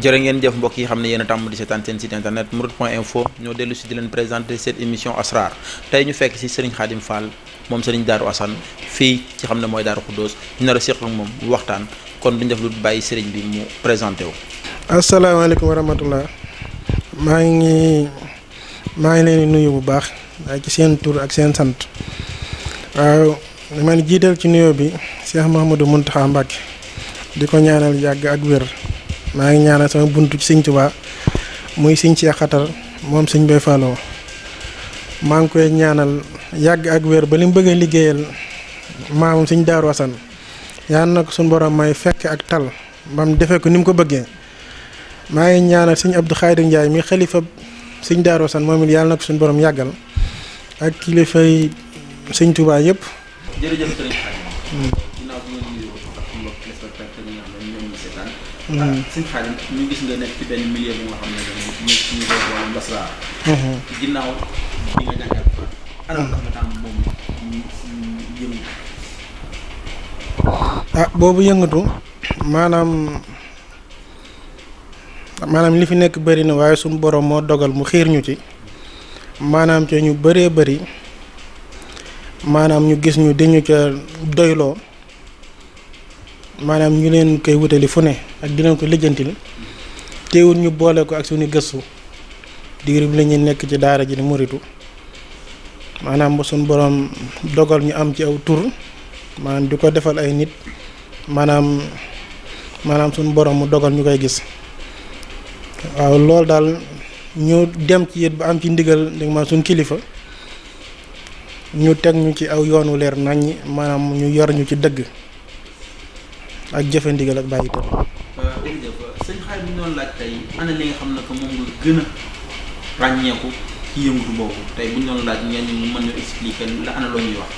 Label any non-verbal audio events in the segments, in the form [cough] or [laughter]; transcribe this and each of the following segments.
jërë ngeen jëf mbokk yi xam ne yéen a tàmm di seetaan seen site internet mourides point info ñoo dellu si di leen présenter cette émission asrar tey ñu fekk si Serigne Khadim Fall moom Serigne Darou Assane fii ci xam ne mooy Darou Khoudoss ñu nar a seq waxtaan kon duñ def lu bàyyi Serigne bi mu présenté wu. asalaamaaleykum wa rahmatullah maa ngi maa ngi leen nuyu bu baax ci seen tur ak seen sant waaw man jiital ci nuyoo bi Cheikh Mouhamadou Mountakha Mbacké di ko ñaanal yàgg ak wér. maa ngi ñaanal sama buntu ci sëñ Tuubaa muy sëñ Seex Xatar moom sëñ Bay Fallou maa ngi koy ñaanal yàgg ak wér ba li mu bëgg a liggéeyal maamam sëñ Daaru Asan yal na ko suñu borom may fekk ak tal ba mu defee ko ni mu ko bëggee maa ngi ñaanal sëñ Abdou Xaadir Njaay mi xalifa sëñ Daaru Asan moom it yàlla na ko suñu borom yàggal ak kilifay sëñ Tuubaa yëpp. téléspectateurs ah, xam ne ñoom ñu seetaan. sëñ Xaadim ñu gis nga nekk ci benn milieu bu nga xam ne dañuy muy ci niveau wàllu basra. bi nga anam ah yëngatu na sun borom mo dogal mu xir ñu ci manam ci ñu bari manam ñu gis ñu deñu ci doylo maanaam ñu leen koy wutali fu ne ak di ko lijjantil teewul ñu boole ko ak suñu gëstu diir bi la ñuy nekk ci daara ji di moritu maanaam ba suñu borom dogal ñu am ci aw maanaam di ko defal ay nit maanaam maanaam suñu borom mu dogal ñu koy gis waaw loolu daal ñu dem ci it ba am ci ndigal dégg ma suñ kilifa ñu teg ñu ci aw yoonu leer naññi maanaam ñu yor ñu ci dëgg ak jëfe ndigal ak bàyyi itam. Euh, jërëjëf sëñ Xadim ñu doon laaj tey ana nga xam ne que moom nga gën ràññeeku ci yëngutu boobu tey bu ñu doon laaj ñenn ñi mën na expliquer la ana loo wax.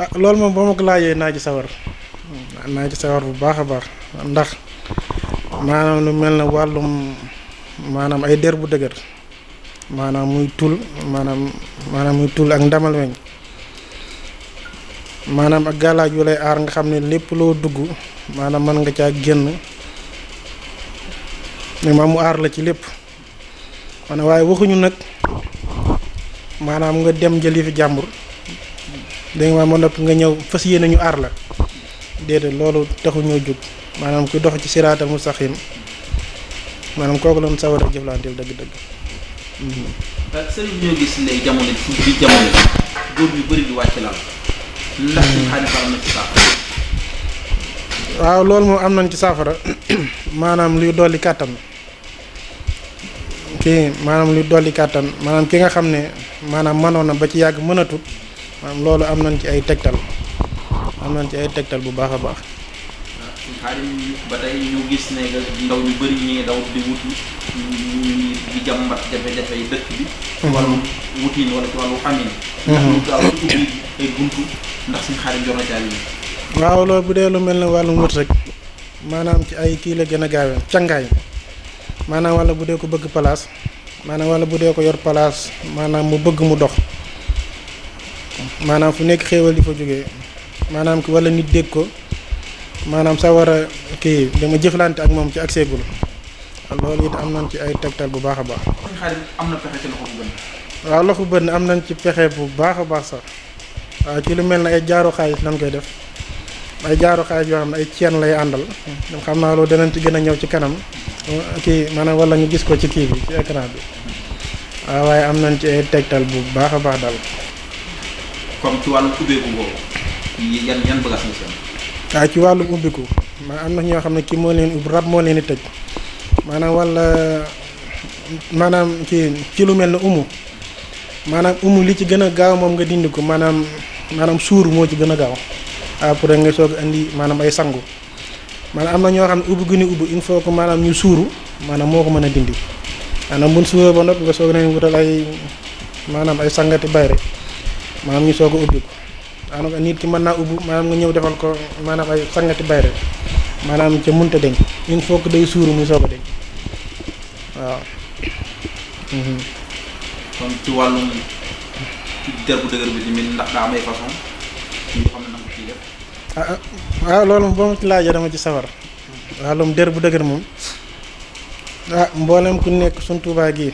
ah loolu moom ba ma laajee naa ci sawar naa ci sawar bu baax a baax ndax maanaam lu mel ne wàllum maanaam ay der bu dëgër maanaam muy tul maanaam maanaam muy tul ak ndamal weñ maanaam ak galaaj yu lay aar nga xam ne lépp loo dugg maanaam mën nga caa génn maanaam mu aar la ci lépp maanaam waaye waxuñu nag maanaam nga dem jëli fi jàmbur dégg nga ma nopp nga ñëw fas yéene nañu aar la déedéet loolu taxu ñoo jóg maanaam ku dox ci siraatal mustaqim maanaam kooku la ñu sawar a jëflanteel dëgg-dëgg. Euh, ndax suñu xaalis am na ci saafara. waaw loolu moom am nañ ci saafara maanaam luy dolli kàttan kii maanaam luy dolli kàttan maanaam ki nga xam ne maanaam mënoon na ba ci yàgg mënatut maanaam loolu am nañ ci ay tegtal am nañ ci ay tegtal bu baax a baax. xaalis ba tey waaw loolu bu dee lu mel ne wàllum wët rek maanaam ci ay kii la gën a gaawee cangaay maanaam wala bu dee ko bëgg palaas maanaam wala bu dee ko yor palaas maanaam mu bëgg mu dox maanaam fu nekk xéewal di fa jógee maanaam wala nit dégg ko maanaam sa a kii dama jëflante ak moom ci ak séegul loolu it am na ci ay tegtal bu baax a baax. waaw loxo ben am nañ ci pexé bu baax baax sax waaw ci lu melni ay jaaru xaalis nan koy def ay jaaru xaalis yo xamna ay ceen lay andal hmm. xam naa loolu danañ ci gëna ñew ci kanam ki manam wala ñu gis ko ci kii ci écran bi waaw way am nañ ci ay tektal bu baax baax dal comme ci walu wàllu ubbeeku boobu yan yan bëgg sax seen waaw ci wàllu ubbiku man am na ño xam ki mo leen ub rab mo leen tej manam wala manam ki ci lu melni umu maanaam umu li ci gën a gaaw moom nga dindi ko maanaam maanaam suur moo ci gën a gaaw après ah, nga soog indi maanaam ay sangu maanaam am na ñoo xam ne ubbi gu ñu ubbi il faut que maanaam ñu suuru maanaam moo ko mën a dindi maanaam buñ suuroo ba noppi nga soog nañ wutal ay maanaam ay sangati bay rek maanaam ñu soog a ubbi ko maanaam nit ki mën naa ubbi maanaam nga ñëw defal ko maanaam ay sangati bay rek maanaam ca munta deñ il faut que day suuru muy soog a deñ waaw mhm. kon ci wàllum der bu daa ah, ah, waaw loolu boo ci laajee dama ci sawar. wàllum der bu dëgër moom ah mboolem ku nekk suñ Tuubaa gii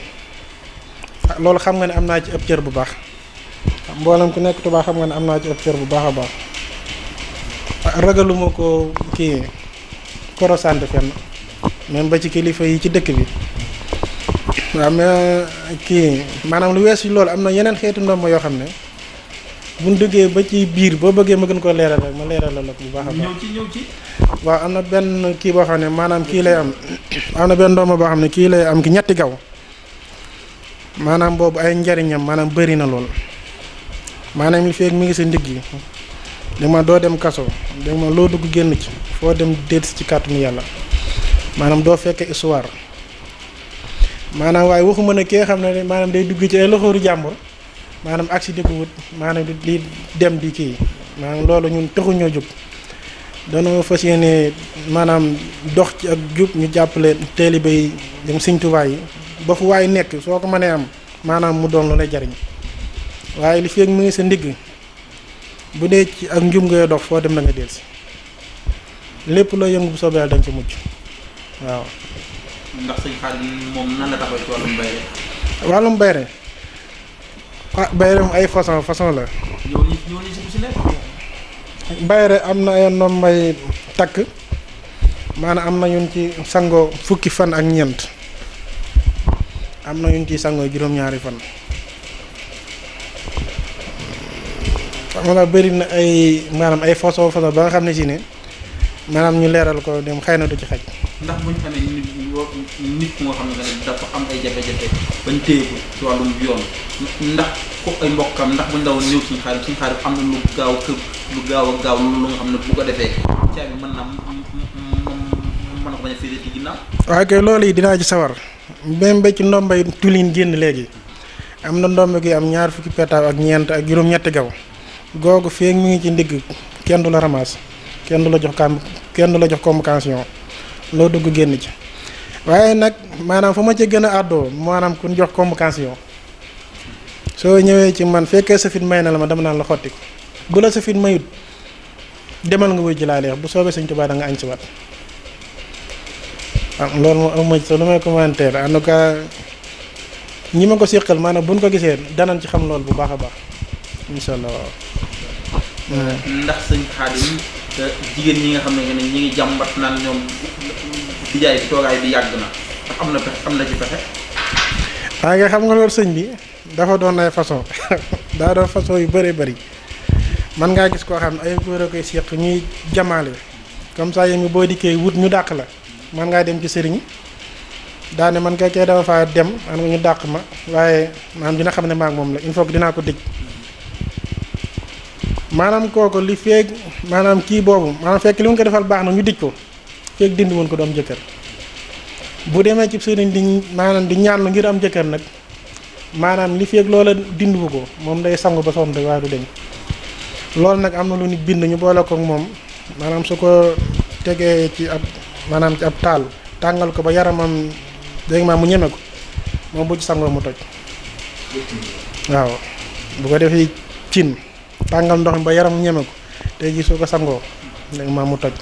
ah, loolu xam nga ne am naa ci ëpp cër bu baax mboolem ku nekk tubaax xam nga ne am naa ci ëpp cër bu baax a baax ragaluma ko kii korosante fenn même ba ci kilifa yi ci dëkk bi. waaw mais kii maanaam lu weesu loolu am na yeneen xeetu ndomba yoo xam ne buñ duggee ba ci biir boo bëggee ma gën ko leeral rek ma leeralal la ko bu baax a baax. ñëw ci ñëw ci. waaw am na benn kii boo xam ne lay am am na benn ndomba boo xam lay am ki ñetti gaw maanaam boobu ay njariñam maanaam bëri na lool maanaam li feeg mi ngi sa ndigg yi dégg ma dem kaso dégg ma loo dugg génn ci foo dem déet ci kàttanu yàlla maanaam doo histoire. maanaam waaye waxuma ne kee xam ne maanaam day dugg ci ay loxooru jàmbur maanaam agsi di ko wut maanaam di dem di kii maanaam loolu ñun taxuñoo jóg danoo fas yéene maanaam dox ci ak jub ñu jàppale taalibe yi dem Sëñ Tuubaa yi ba fu waay nekk soo ko mënee am maanaam mu doon lu lay jariñ waaye li feeg mu ngi sa ndigg bu dee ci ak njub ngay dox foo dem da nga si lépp loo yëngu bu soobee dañ ci mujj waaw ndax sëñ xaar bi moom nan la taxaw bayre ah bayre mu ay façon façon la bayre am na ay noom may takk maanaam am na ñun ci sangoo fukki fan ak ñeent am na ñun ci sangoo juróom-ñaari fan maanaam bëri na ay maanaam ay façon façon ba nga xam ne si ne maanaam ñu leeral ko dem xëy na du ci xaj ndax boo nit xam ne am ay jafe ndax ko ndax buñ dawoon ñëw am na lu gaaw kër lu kay loolu yi dinaa ci sawar même ba ci ndombay tulin génn léegi am na ndomb gi am ñaar fukki petaaw ak ñeent ak juróom-ñetti gaw googu feeg mi ngi ci ndigg kenn du la ramasse kenn du la jox kam kenn du la jox convocation loo dugg génn ci waaye nag maanaam fa ma ca gën a àddoo maanaam ku jox convocation soo ñëwee ci man fekkee sa may na la ma dama naan la xotti ko bu la sa mayut demal nga wuy ji laa leex bu soobee Sëñ Tuubaa da nga añ si wat ah loolu moo am sa lu may commentaire en tout ñi ma ko séqal maanaam buñ ko gisee danañ ci xam lool bu baax a baax incha allah waaw. ndax sëñ di jaay toogaay bi yàgg na ndax am na pexe am na ci pexe. waaye nga xam nga loolu sëñ bi dafa doon ay façon [laughs] daa doon façon yu bëree bëri man ngaa gis koo xam ne ay góor a koy seq ñuy jamaale comme ça yéen boo dikkee wut ñu dàq la man ngaa dem ci sëriñ daane man kay kay dama faa dem man nga ñu dàq ma waaye maanaam dina xam ne maag moom la il faut que dinaa ko dëj maanaam kooku li feeg maanaam kii boobu maanaam fekk li mu ko defal baax na ñu dij ko feeg woon ko du am jëkkër bu demee ci sëriñ di maanaam di ñaan lu ngir am jëkkër nag maanaam li feeg loola dindiwu ko moom day sangu ba soxna waaye du deñ loolu nag am na lu nit bind ñu boole ko moom maanaam su ko tegee ci ab maanaam ci ab taal tàngal ko ba yaramam dégg ma mu ñeme ko moom bu ci sangoo mu toj waaw bu ko defee cin tàngal ndox mi ba yaram ñeme ko tey ji soo ko sangoo dégg ma mu toj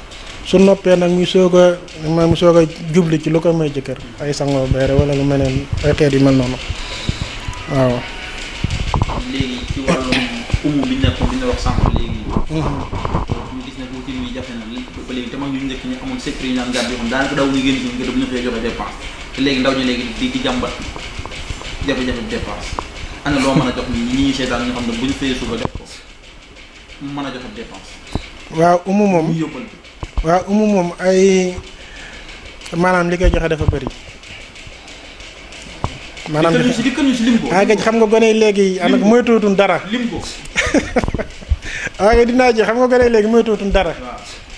su noppee nag muy soog a mu soog a jubli ci lu ko may jëkkër ay sangoo beere wala lu meneen ay xeet yu mel noonu waaw. léegi umu bi nekk wax sànq léegi. Mm-hmm. ñu gis ne bu kii bi jafe na ba léegi te mag di di a jox ñi bu ñu fayee suba def ko mën a joxe dépense. waaw moom wa umum mom ay manam li koy joxe dafa limbo ay agaj xam nga gone léegi moy moytuutun dara waaye dina ji xam nga gone moy moytuutun dara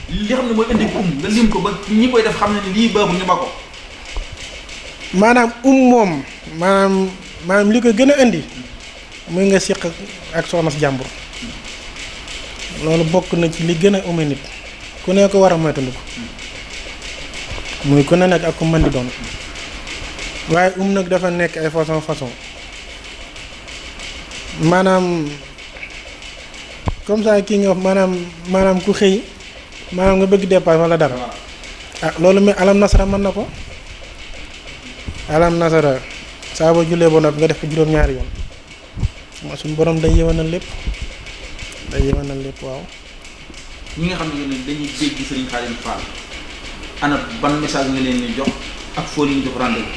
li xam ne mooy indi um na lim ko ba ñi koy def xam ne lii baaxul ñu ba manam um mom manam manam li ko gëna a indi muy nga sekk ak soxna jambur lolu loolu na ci li gëna umé nit ku ne ko war a ko muy ku ne nag ak ku mën di doon waaye um nag dafa nekk ay façon façon maanaam comme ça kii nga wax maanaam maanaam ku xëy maanaam nga bëgg dépasse wala dara ah loolu mi alam nasara mën na ko alam nasara saa boo jullee ba noppi nga def ko juróom-ñaari yoon ma suñu borom day yewanal lépp day yewanal lépp waaw ñi nga xam ne dañuy dégg Serigne Khadim Fall ana ban message nga leen di jox ak foo leen jox rendez-vous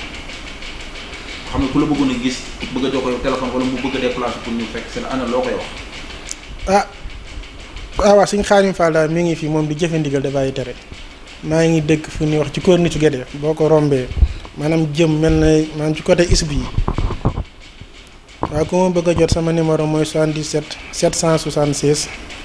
xam ne ku la bëggoon gis bëgg a jokkoo téléphone wala mu bëgg a déplacer pour ñu fekk seen ana loo koy wax. ah waaw ah waaw Serigne Khadim Fall ngi fii moom di jëfe ndigal da bàyyi tere maa ngi dëkk fu ñuy wax ci kër Nitu Gédé boo ko rombee maanaam jëm mel na maanaam ci côté ISB yi waaw ku ma bëgg a jot sama numéro mooy 77 776.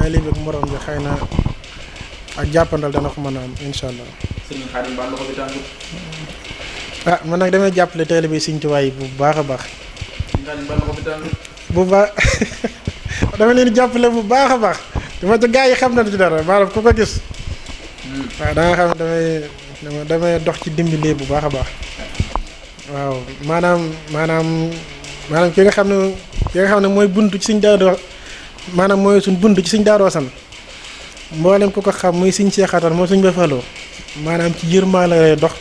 taalibe bu morom bi xëy na ak jàppandal dana ko mën a am incha allah. ah man nag damay jàppale taalibe Sëñ Tuubaa yi bu baax a baax. sëñ bu baax [laughs] dama leen jàppale bu baax a baax dama ci gaa yi xam na nañu ci dara maanaam ku ko gis. Hmm. waaw da nga xam ne damay damay dox ci dimbalee bu baax a baax. waaw maanaam maanaam maanaam ki nga xam ne ki nga xam ne mooy bunt ci suñ daara maanaam moy suñ bund ci suñ daaroo san mboolem ko ko xam muy suñ seexaatan mooy suñ befalo manam ci yirma la lay dox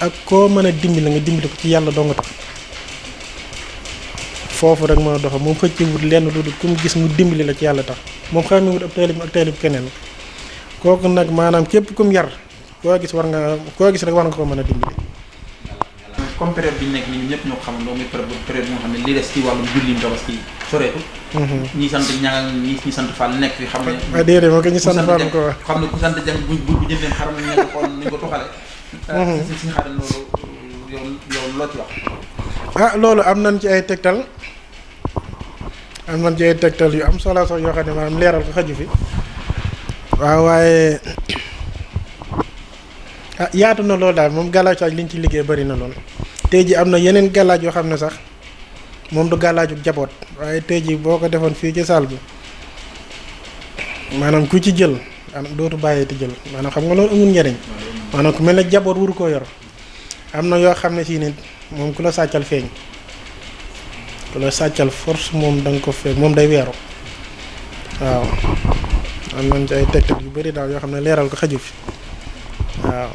ak ko meuna dimbi dimbali nga dimbi ko ci yalla dong tax fofu rek mën dox doxal moom wut lenn lu dul ku gis mu dimbi la ci yalla tax xam ni wut ak talib ak talib kenen kooku nak manam kep kum yar ko gis war nga ko gis rek war nga ko meuna dimbi comme période bi nek ni ñepp ñoo xam loo mi période période ñoo xam ni li dess ci walu julli ndogas ci soreetu. Mhm. ñi sant ñaŋal ñi ñi sant Fall nekk xam ne. ah déedéet moo ko ko wax. xam ne ku sant jàng bu bu jëndee xaram ñu ko tuxale. Mhm. Ah, si si xarit loolu yow yow loo ci ah, loolu am nañ ci ay tegtal am nañ ci ay tegtal yu am solo sol yoo xam ne maanaam leeral ko xaju fi. waaw waaye ah yaatu na loolu daal moom galaaj ak liñ ci liggéey bari na lool. tey ji am na yeneen galaaj yoo xam ne sax. moom du jabot, jabot waaye tey jii boo ko ci saal bi maanaam ku ci jël maanaam dootu baye ti jël manam xam nga loolu amul ñariñ manam ku melni jabot jaboot wuru yor amna yo xamne ci nit ku la satchal feñ ku la satchal force mom dang ko fe mom day wéro waaw am nañ ci ay tegtal yu bari daal yo xamne leral leeral ko xaju fi waaw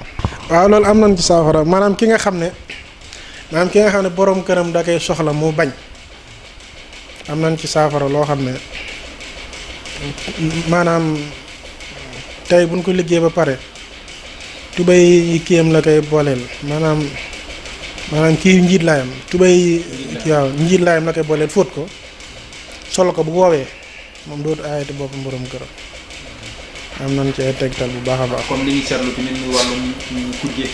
waaw loolu am nañ ci safara manam ki nga xamne maanaam ki nga xam ne boroom këram da koy soxla mu bañ am nañ ci saafara loo xam ne maanaam tey buñ ko liggéey ba pare tubéy yi kiyam la koy booleel maanaam maanaam kii njiit laayam tubay waaw njiit laayam la koy booleel fóot ko solo ko bu woowee moom dootu aayati boppam boroom këram am nañ ci ay tegtal bu baax a baax. comme li ñu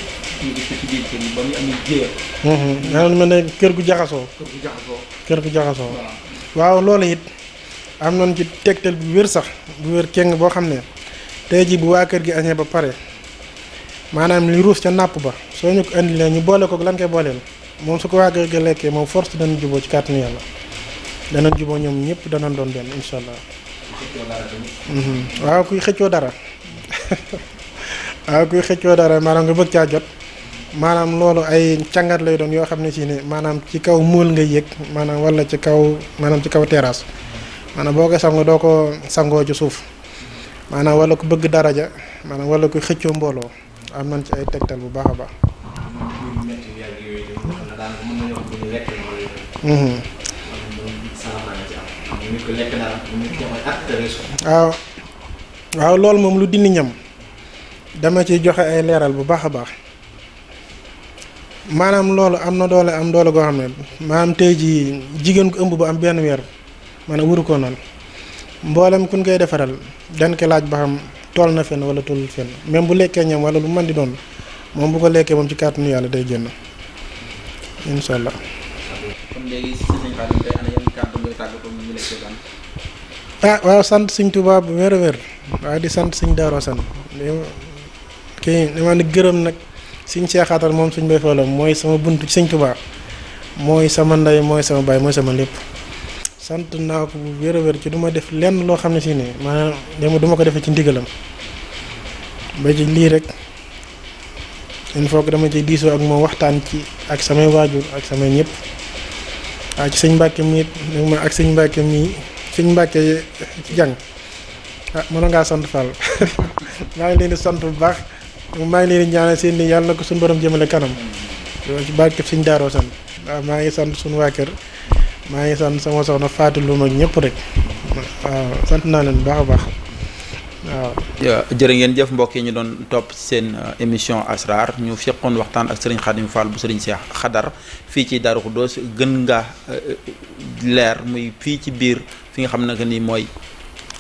ci ci biir kër yi ba muy amee jéer. Mhm. nga xam ne kër gu jaxasoo. kër gu jaxasoo. kër gu jaxasoo. waaw loolu it am nañ ci tegtal bu wér sax bu wér keng boo xam ne tey bu waa kër gi añee ba pare maanaam li ruus ca nàpp ba soo ñu ko indilee ñu boole ko lan koy booleel moom su ko waa kër gi lekkee moom force danañ juboo ci kàttanu yàlla danañ juboo ñoom ñëpp danañ doon benn incha allah. Mhm. waaw kuy xëccoo dara [laughs] waaw kuy xëccoo dara maanaam nga bëgg caa jot manam loolu ay ciangat lay don yo xam ci si ne maanaam ci kaw mool nga yek manam wala ci kaw manam ci kaw terrasse manam boko ko sango doo ko sangoo ci suuf manam wala ko bëgg daraja manam wala ko xëccu mbolo am nañ ci ay tektal bu baaxa ba baax. Mm-hmm. aw waaw loolu lu dindi ñam dama ciy joxe ay leral bu maanaam loolu am na doole am doole goo xam ne maanaam tey jii jigéen ku ëmb bu am benn weer maanaam wuru koo noonu mboolem kun koy defaral dañ laaj ba xam tool na fenn wala toolul fenn même bu lekkee ñam wala lu mën di doon moom bu ko lekkee moom ci kàttanu yàlla day génn incha allah. kon ah, waaw sant sëñ tubaab bu weer a wér waaye di sant sëñ Daaru Asan kii dama ni gërëm nag. sëñ Cheikh khatar mom suñ bay foolam mooy sama buntu seigne Touba moy sama nday moy sama bay moy sama lepp sant na ko bu wéré a ci duma def lenn lo xamné ci si ne dem duma ko def ci ndigalam ba ci li rek une fois que dama ci diso ak mo waxtan ci ak sama wajur ak sama ñepp ak ci sëñ mi ma ak seigne Mbàkke mi seigne Mbàkke ci jang ah mo nga sant fal [laughs] ma ngi leen di sant bu baax maa ngi leen di seen ni yàlla na ko suñu borom jëmale kanam loolu ci barke suñ daaroo sant waaw maa ngi sant suñu waa kër maa ngi sant sama soxna Fatou Loum ak ñëpp rek waaw sant naa leen bu baax a baax waaw. jërë ngeen jëf mbokk yi ñu doon topp seen euh, émission asrar ñu seqoon waxtaan ak sëriñ Xadim Fall bu sëriñ Cheikh Xadar fii ci Darou Khoudoss gën nga euh, euh, leer muy fii ci biir fi nga xam ne que ni mooy.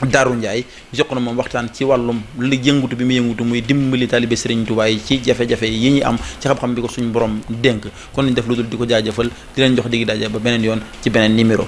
Daaru Ndiaye jox na moom waxtaan ci wàllum li yëngutu bi mu yëngutu muy dimbali taalibe Serigne Touba yi ci jafe-jafe yi ñu am ci xam-xam bi ko suñu borom dénk kon lañ def lu dul di ko jaajëfal di leen jox digg daje ba beneen yoon ci beneen numéro